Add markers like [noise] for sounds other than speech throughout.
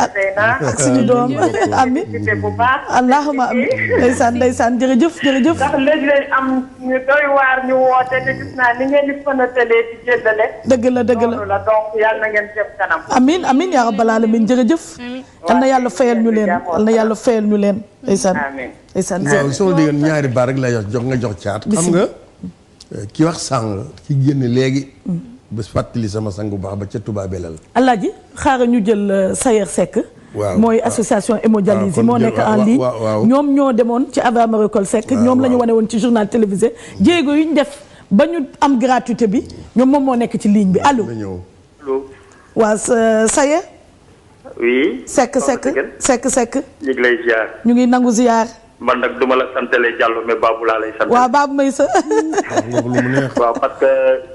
Ah, ak ak ah, suñu doom [laughs] ami allahuma ami ndeysaan ndeysaan jërëjëf jërëjëf ndax léegi lañ am ñu doy waar ñu woote te gis naa ni ngeen di fënatalee di jëndale dëgg la dëgg la donc yàlla na ngeen jëm kanam amin amin yaa rabbal alamin jërëjëf yal na yàlla fayal ñu leen yal na yàlla fayal ñu leen ndeysaan ndeysaan waaw soo déggoon ñaari baar rek lay jox jox nga jox caat xam nga eh, ki wax sàng ki génn léegi mm. ba fàttali sama sangu baax ba ca Touba Belal. alaaji xaaral ñu jël euh, Sayer sekk waaw mooy ah. association ah, hémodialyse yi moo nekk en ligne ñoom ñoo demoon ci Ava Maricol sekk ñoom la ñu wane woon ci journal télévisé jéego yu ñu def ba ñu am gratuité bi ñoom moom moo nekk ci ligne bi allo. allo. waaw euh, Sayer. oui. Seck Seck Seck Seck. ñu ngi ñu ngi nangu ziar. man nag duma la santale Diallo mais Babou laa lay sant. waa Babou may sa. waaw parce que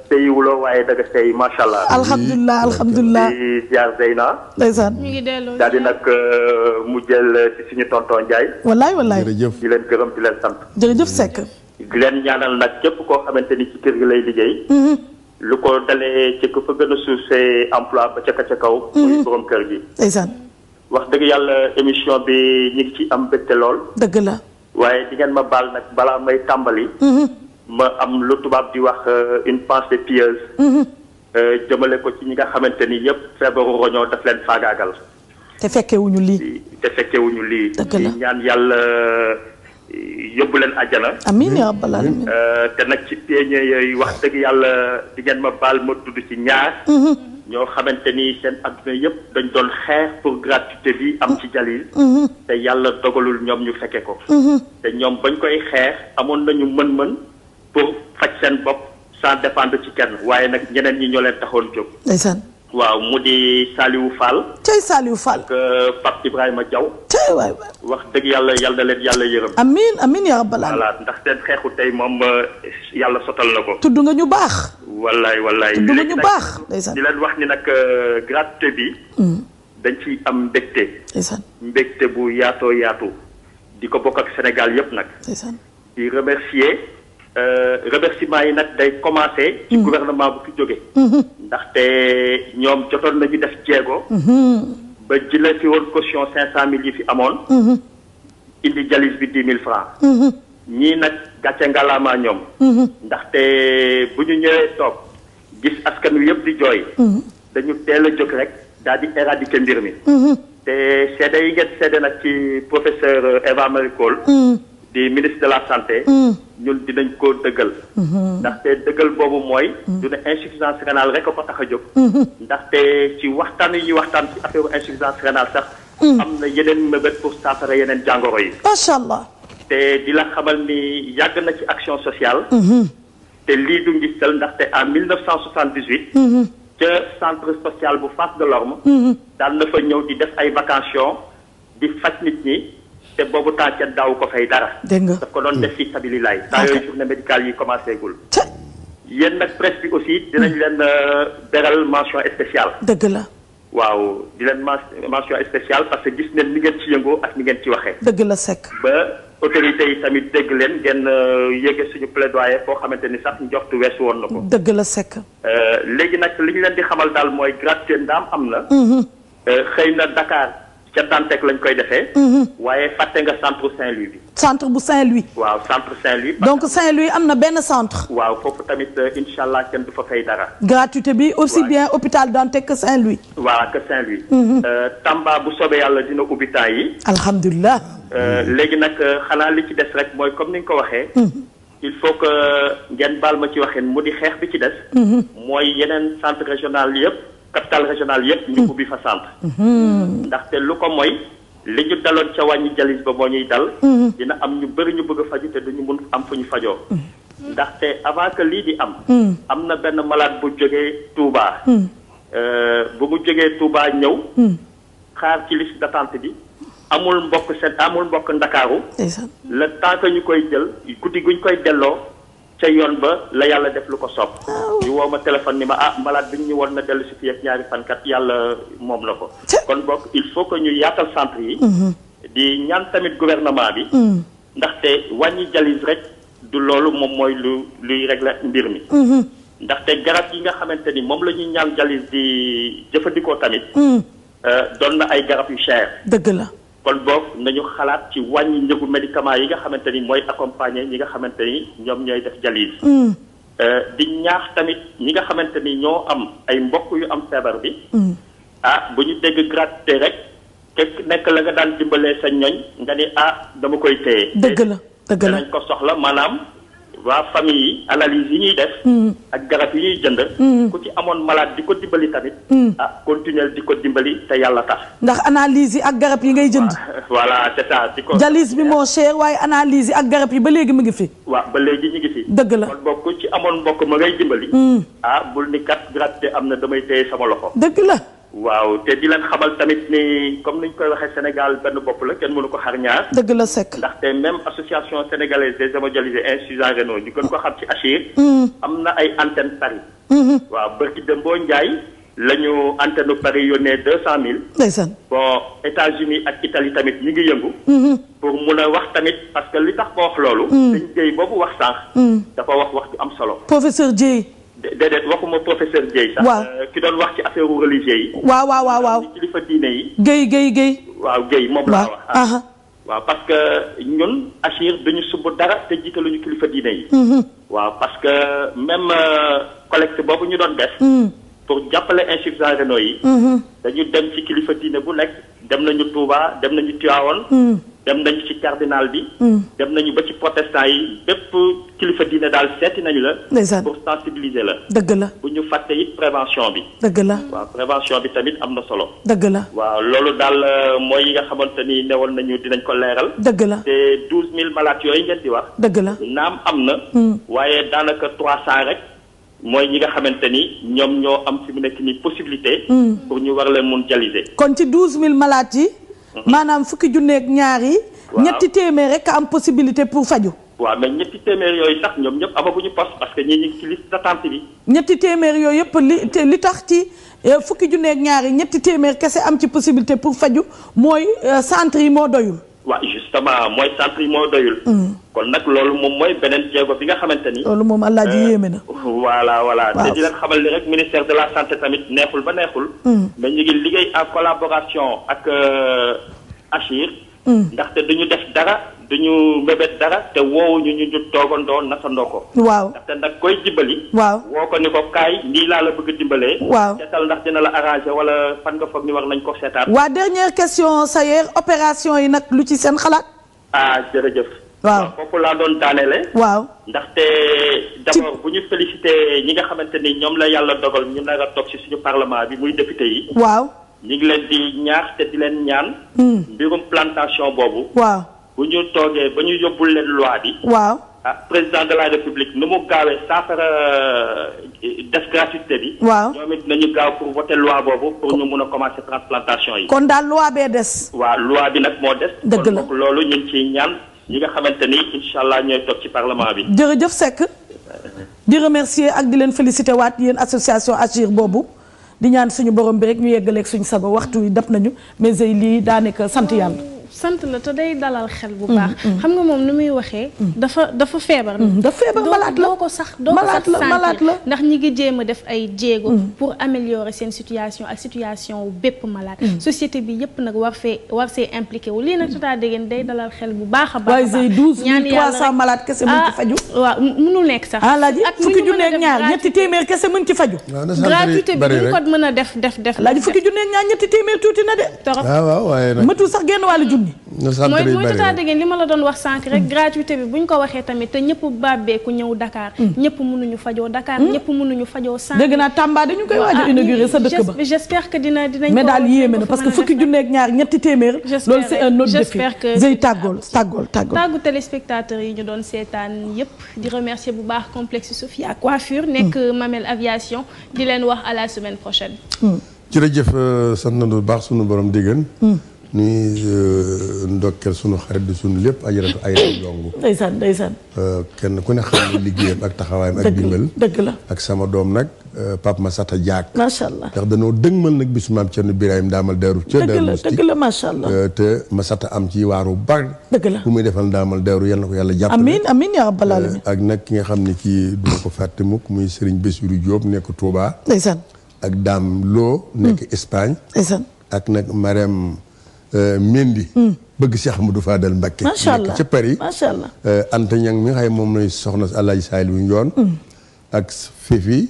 tey wuloo waaye daga tey macha allah. alhamdulilah alhamdulilah di ziar Zeyna. ndeysaan ñu ngi delloo daal di nag euh, mu jël ci suñu tonton Ndiaye. wallaay wallaay jërëjëf di leen gërëm di leen sant. jërëjëf Seck. di leen ñaanal nag képp koo xamante ni ci kër gi lay liggéey. Mm-hmm. lu ko dalee ci ku fa gën a suuf see emploi ba ca ka ca kaw. Mm-hmm. borom kër gi. ndeysaan. wax dëgg yàlla émission bi ñu ngi ci am bëtte lool. dëgg la. waaye di ngeen ma baal nag balaa may tàmbali. Mm-hmm. ma am lu tubaab di wax euh, une pensée pieuse. Mm-hmm. Euh, jëmale ko ci ñi nga xamante ni yëpp feebaru roñoo daf leen faagaagal. te fekkewuñu lii. te fekkewuñu lii. dëgg la ñaan yàlla euh, yóbbu leen àjjana. amiin yaa rabbal aalamiin. te nag ci peñe yooyu wax dëgg yàlla di ngeen ma baal ma tudd ci ñaar. Mm-hmm. ñoo xamante ni seen adduna yëpp dañ doon xeex pour gratuité bi am ci Jalil mm-hmm. te yàlla dogalul ñoom ñu fekke ko mm-hmm. te ñoom bañ koy xeex amoon nañu mën-mën pour faj seen bopp sans dépendre ci kenn waaye nag ñeneen ñi ñoo leen taxoon jóg ndeysaan waaw mu di Saliou Fall tey Saliou Fall ak euh, Pape Ibrahima Diaw tey wax dëgg yàlla yàlla leen yàlla yërëm amiin amiin yaa rabbal voilà ndax seen xeexu tey moom euh, yàlla sotal na ko tudd nga ñu baax wallaay wallaay. du ñu baax di leen wax ni nag euh, gratuité bi. Hmm. dañ ci am mbégte. ndeysaan mbégte bu yaatoo yaatu. di ko bokk ak Sénégal yëpp nag. ndeysaan di remercier euh, remerciement yi nag day commencé. ci hmm. gouvernement bu fi jóge hmm. ndaxte ñoom jotoon nañu def jéego. ba jëlee fi woon caution cinq cent mille yi fi amoon. indi jalis bi dix mille francs. ñii nag gàcce ngalaama ñoom. Mhm. ndaxte bu ñu ñëwee toog gis askan wi yëpp di jooy. Mhm. dañu teel a jóg rek daal di éradiquer mbir mi. Mhm. te seede yi ngeen seede nag ci professeur Eva Marie Coll. di ministre de la santé. ñun dinañ ko dëggal. ndaxte dëggal boobu mooy. du ne insuffisance rénale rek a ko tax a jóg. ndaxte ci waxtaan yi ñuy waxtaan ci affaire insuffisance rénale sax. am na yeneen mëbët pour saafara yeneen jàngoro yi. macha allah. te di la xamal ni yàgg na ci action sociale. Mhm. te lii du ngistal ndaxte en 1978. Mhm. ca centre social bu Fass Delorme. Mhm. daal na fa ñëw di def ay vacation di faj nit ñi. te boobu temps ca daaw ko fay dara. dégg nga daf ko doon def fii sabililaay. saa yooyu journée médicale yi commencé gul. yéen nag presse bi aussi dinañ mm. leen euh, beral mention spéciale. dëgg la. waaw di leen mention spéciale parce que gis ngeen ni ngeen ci yëngoo ak ni ngeen ci waxee. dëgg la Seck ba. autorités yi tamit dégg leen ngeen euh, yéege suñu plaidoyer foo xamante ni sax njoxtu weesu woon na ko. dëgg la sekk. Euh, léegi nag li ñu leen di xamal daal mooy gratuité ndaam am na. Mhm. Euh, xëy na Dakar. ca Dantec lañ koy defee. Mhm. waaye fàtte nga centre Saint-Louis bi. centre bu Saint-Louis. waaw centre Saint-Louis. donc Saint-Louis am na benn centre. waaw foofu tamit euh, incha allah kenn du fa fay dara. gratuité bi aussi bien hôpital Dantec que Saint-Louis. waaw que Saint-Louis. Mhm. Euh, Tamba bu soobee yàlla dina ubbi taa yi. alhamdulilah. Euh, léegi nag xanaa li ci des rek mooy comme ni nga ko waxee. Mhm. il faut que ngeen baal ma ci waxee mu di xeex bi ci des. mooy yeneen centre régional yëpp. capital régional yëpp ñu mm. bi fa centre mm-hmm. ndaxte lu ko mooy li ñu daloon ca wàññi jalis ba moo ñuy dal mm-hmm. dina am ñu bëri ñu bëgg faju te duñu mun am fu ñu fajoo mm-hmm. ndaxte avant que lii di am mm. am na benn malade bu jógee Touba mm. euh, bu mu jógee Touba ñëw xaar ci liste bi amul mbokk seen amul mbokk Ndakaaru le temps ñu koy jël guddi guñ koy delloo ca yoon ba la yàlla def lu ko sopp ñu woo ma téléphone ni ma ah malade bi ñu woon na dellu si fi ak ñaari fankat yàlla moom la ko kon bokk il faut que ñu yaatal centre yi mhm. di ñaan tamit gouvernement bi mm. ndaxte wàññi jalis rek du loolu moom mooy lu luy régler mbir mi mhm. ndaxte garab yi nga xamante ni moom la ñuy ñaan jalis di jëfandikoo tamit mm. euh, doon na ay garab yu cher dëgg la kon boog nañu xalaat ci wàññi njëgu médicament yi nga xamante ni mooy accompagner ñi nga xamante ñoom ñooy def jalis mm. euh, di ñaax tamit ñi nga xamante ni ñoo am ay mbokk yu am feebar bi mm. ah bu ñu dégg gratuité rek kek nekk la nga daan dimbalee sa ñoñ nga ni ah dama koy téye dëgg na dëgg nañ ko soxla maanaam waa famille yi analyse yi ñuy def. Mm. ak garab yi ñuy jënd. Mm. ku ci amoon malade di ko dimbali tamit. Mm. ah continuer di ko dimbali te yàlla tax. ndax analyse yi ak garab yi ngay jënd. [laughs] voilà c'est di ko. jalis bi moo cher waaye analyse yi ak garab yi ba léegi mu ngi fi. waaw ba léegi ñu ngi fi. dëgg la kon bokk ci amoon mbokk ma ngay dimbali. ah bul ni kat gratuité am na damay téye sama loxo. dëgg la. waaw te di leen xamal tamit ni comme ni ñu koy waxee Sénégal benn bopp la kenn mënu ko xar ñaar. dëgg la Seck ndaxte même association sénégalaise des hémodialysés insuffisants rénaux ñu kon ko xam ci ACHIR. Mm. am na ay antenne Paris. Mm-hmm. waaw barki Dembo Ndiaye la ñu antenne Paris yónnee deux cent mille. ndeysaan bon États-Unis ak Italie tamit ñu ngi yëngu. Mm-hmm. pour mun a wax tamit parce que li tax ko wax loolu. dañ mm. Dieye boobu wax sànq. Mm. dafa wax wax ju am solo. professeur Dieye. déedéet waxuma professeur géey sax. waaw euh, ki doon wax ci affaire religieux yi. waaw waaw waaw waaw kilifa diine yi. géey géey Guèye. waaw Guèye moom laa wax. Ah. Uh-huh. waaw parce que ñun Achir dañu sub dara te ñu kilifa diine yi. Mm-hmm. waaw parce que même euh, collecte boobu ñu doon def. Mm. pour jàppale insuffisants rénaux yi. Mm-hmm. dañu dem ci kilifa diine bu nekk dem nañu Touba dem nañu Tivaouane. Mm. dem nañu ci cardinal bi. Hmm. dem nañu ba ci protestant yi bépp kilifa diine daal seeti nañu la. pour sensibiliser la. dëgg la bu ñu fàtte it prévention bi. dëgg la waaw prévention bi tamit am na solo. dëgg la waaw loolu daal euh, mooy yi nga xamante ni newoon nañu dinañ ko leeral. dëgg la te douze mille malaat yooyu ngeen di wax. dëgg la naam am na. Hmm. waaye daanaka trois cent rek. mooy ñi nga xamante ni ñoom ñoo am fi mu nekk ni possibilité. Hmm. pour ñu war leen mun dialyser. maanaam fukki junneeg ñaar yi. ñetti téeméer rek am possibilité pour faju waaw mais ñetti téeméer yooyu sax ñoom ñëpp amaguñu poste parce que ñi ngi ci liste d'attente bi. ñetti téeméer yooyu yëpp li te li tax ci e, fukki junneeg ñaar yi ñetti téeméer kese am ci possibilité pour faju mooy e, centre yi moo doyul. waaw justement mooy centre yi moo doyul. Mm. kon nag loolu moom mooy beneen jéego bi nga xamante ni. loolu moom allah ji euh, yéeme na. voilà voilà te di leen xamal ni rek ministère de la santé tamit neexul ba neexul. Mm. mais ñu ngi liggéey en collaboration ak euh, Achir. Mm. ndaxte duñu def dara duñu mébét dara te woowuñu ñu ñu toogandoo nasandoo ko. waaw ndaxte nag koy dimbali. waaw woo ko ni ko kaay lii laa la bëgg dimbalee. waaw seetal ndax dina la arrangé wala fan nga foog ni war nañ ko seetaat. waa dernière question Sayer opération yi nag lu ci seen xalaat. ah jërëjëf. waaw foofu laa doon daaneele waaw ndaxte d'abord bu ñu félicité ñi nga xamante ni ñoom la yàlla dogal ñu nar a toog ci suñu parlement bi muy député yi waaw ñu ngi leen di ñaax te di leen ñaan. Hmm. mbirum plantation boobu. waa bu ñu toogee ba ñu yóbbul leen loi bi. waaw ah président de la république nu mu gaawee saafara euh, def gratuité bi. waaw ñoom nañu gaaw pour voter loi boobu pour ñu mun a commencer transplantation yi. kon daal loi bee des. waaw loi bi nag moo des. dëgg la kon loolu ñu ngi ñaan ñi nga xamante ni incha allah ñooy toog ci parlement bi. jërëjëf Seck di remercier ak di leen féliciter waat yéen association Agir boobu. di ñaan suñu borom bi rek ñu yeggaleeg suñu sago waxtu wi dab nañu mais lii daanaka sant yàlla. sant la te day dalal xel bu mm, baax. Mm. xam nga moom ni muy waxee. Mm. dafa dafa feebar. dafa feebar malaat la doo ko sax doo ko sax malaat la ndax ñi ngi jéem a def ay jéego. pour améliorer seen situation ak situation wu bépp malaat. société bi yëpp nag war fee war see impliqué wu lii nag tata dégg day dalal xel bu baax a baax. waaye say douze mille trois kese mën ci ah, faju. waaw mënul nekk sax. Ah, ak fukki junneeg ñaar ñetti téeméer kese mën ci faju. gratuité bi duñ ko mën a def def def. laaj fukki junneeg ñaar ñetti téeméer tuuti na de. torop ah, matul sax genn wàllu judd ni mooy mooy tata dëggeen li ma la doon wax sànq rek hmm. gratuité bi bu ñu ko waxee tamit te ñëpp bàbbeeku ñëw Dakar hmm. ñëpp mënuñu fajoo Dakar hmm. ñëpp mënuñu fajoo sànq dëgg naa Tamba dañu koy waaj a ah, inauguré sa dëkk ba j'espère que dina dinañ mais daal yéeme na parce que fukki junneeg ñaar ñetti téeméer loolu c'est un autre défi zëy tàggool tàggool tàggool tàggu téléspectateurs yi ñu doon seetaan yëpp di remercier bu baax complexe Sophia coiffure nekk Mamel aviation di leen wax à la semaine prochaine jërëjëf euh, sant nañu bu baax sunu boroom déggan nuy euh, ndokkel sunu xarit di sunu lépp ajaratu ay dong. ndeysaan ndeysaan. Euh, kenn ku ne xam liggéeyam ak taxawaayam. ak dimbal dëgg ak sama doom nag. Euh, Pape Massata Diak. macha allah ndax danoo dëgmal nag bisu maam Thierno Birahim daamal Daaru. ca Daaru Musti dëgg la macha allah. te Massata am ci waaru bari. dëgg la bu muy defal daamal Daaru yal na ko yàlla jàppale. amiin amiin yaa rabbal aalamiin. ak nag ki nga xam ne kii du ko fàtte mukk muy Serigne Bassirou Diop nekk Touba. ndeysaan ak Dame loo nekk mm. Espagne. ndeysaan ak nag Marème Euh, Mendy. Hmm. bëgg Cheikh Ahmadou Fadel Mbacké. macha allah nekk ci Paris. macha allah euh, Anta Niang mi nga xam ne moom lay soxna Alaaji Saliou Ndione. Hmm. ak Fifi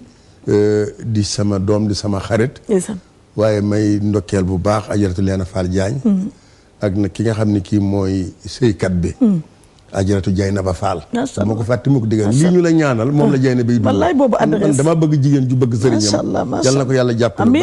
euh, di sama doom di sama xarit. waaye may ndokkeel bu baax ajaratu Leena Fall Diagne. Hmm. ak nag ki nga xam ne kii mooy sëykat bi. ajaratu Jaynaba na ba allah moo ko fàtte mu ko digal lii ñaanal moom la ah. Jaynaba yi. wallaay boobu damaa bëgg jigéen ju bëgg sëriñam. macha allah na ko yàlla jàppale bu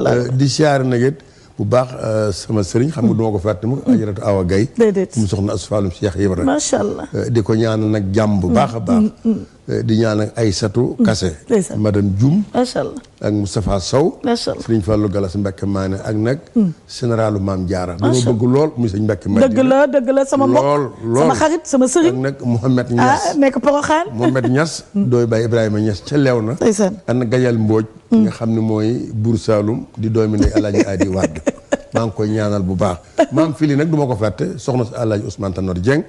baax di siyaare nag it bu baax euh, sama sëriñ xam nga duma ko fàtte mu ajaratu Awa Gaye mu soxna asfaalum Cheikh Ibrahima macha allah euh, di ko ñaanal nag jàmm bu baax a baax mm, mm, mm. Eh, di ñaan ak Aysatu mm. Kase madame Dioum macha allah ak Moustapha Sow macha allah Serigne si mbekk Mbacke Maane ak nag mm. généralu Maam Jaara dama bëgg lool muy sëñ Mbacke Maane dëgg la dëgg la sama mbokk lool lool sama xarit sama sëriñ ak nag Mouhamed ah, Niass ah nekk Porokhane Mouhamed Niass [laughs] mm. dooy baay Ibrahima ñas ca leew na ndeysaan ana Gayal nga xam ni mooy Buur Saalum di doomi ndey Alaaji Adi Wade [laughs] maa ngi koy ñaanal bu baax maam fili nag du moo ko fàtte soxna si àllaaji Ousmane Tanor Dieng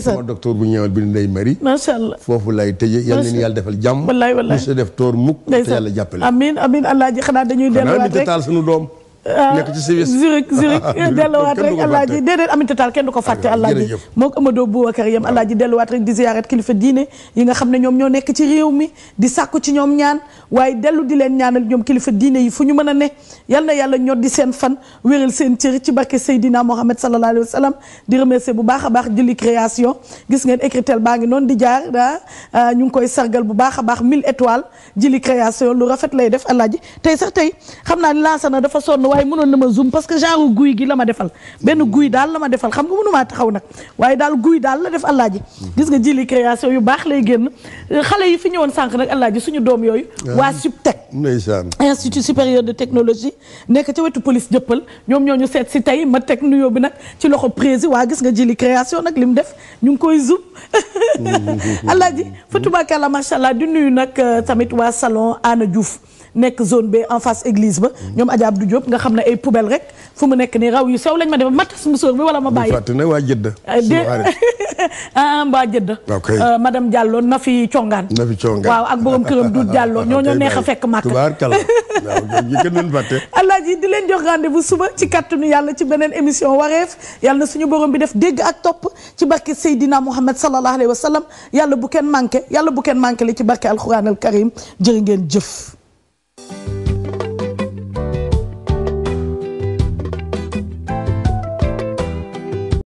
sama docteur bu ñëwal bi ni Ndeye Marie macha allah foofu lay tëje yal na yàlla defal jàmm wallaay wallaay def toor mukk te yàlla jàppale amiin amiin àllaaji xanaa dañuy delluwaat rek taal sunu doom Ah, nekk ci service Zurich Zurich [laughs] delluwaat rek alaaji déedéet Aminata Tall kenn du ko fàtte alaaji moo ko Amadou Boubacar yam alaaji delluwaat rek di ziyaarat kilifa diine yi nga xam ne ñoom ñoo nekk ci réew mi di sàkku ci ñoom ñaan waaye dellu di leen ñaanal ñoom kilifa diine yi fu ñu mën a ne yal na yàlla ñor di seen fan wéral seen cër ci barke Seydina Mohamed sallallahu alayhi wa sallam di remercier bu baax a baax julli création gis ngeen écritel baa ngi noonu di jaar daa ah, ah, ñu ngi koy sargal bu baax a baax mille étoiles julli création lu lay def alaaji tey waaye mënoon na ma zoom parce que genre guy gi la ma defal benn guy daal la ma defal xam nga maa taxaw nag waaye daal guy daal la def allaaji gis nga jili création yu baax lay génn xale yi fi ñëwoon sànq nag allaaji suñu doom yooyu ah. waa SUPTEC ndeysaan institut supérieur de technologie nekk ca wetu police jëppal ñoom ñoo ñu seet si tey ma teg nuyoo bi nag ci loxo prési waa gis nga jili création nag li mu def ñu ngi koy zoom allaaji [laughs] fatubakàlla macha allah di nuyu nag euh, tamit waa salon Anna Diouf nekk zone B en face église ba ñoom Adja Abdou Diop nga xam ne ay poubelle rek fu mu nekk nii raw yi sew lañ ma def ma tas mu sóor bi wala ma bàyyi fàtte na waa Jëdda ah waa [laughs] ah, Jëdda euh, madame Diallo na fi congaan na fi congaan waaw ak borom këram du Diallo [laughs] ñoo ñoo neex a fekk màkk tubaarkala ñu gën leen fàtte [laughs] di leen jox rendez-vous suba ci kàttanu yàlla ci beneen émission wareef yàlla na suñu bi def dégg ak topp ci barke Seydina Mouhamed sallallahu alayhi wa sallam yàlla bu kenn manqué yàlla bu kenn manqué li ci barke alquran al karim jërë ngeen jëf Thank you